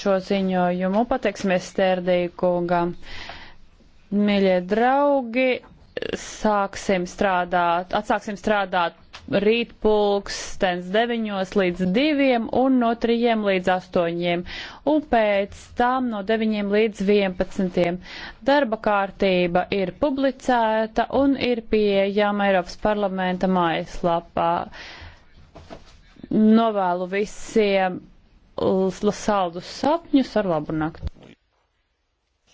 šo ziņojumu. Pateiksimies Stērdīju kungam. Mīļie draugi, sāksim strādāt, atsāksim strādāt rīt pulkstens 9 līdz 2 un no 3 līdz 8 un pēc tam no 9 līdz 11. Darba kārtība ir publicēta un ir pieejama Eiropas parlamenta mājaslapā. Novēlu visiem saldus sapņus ar labu nakti!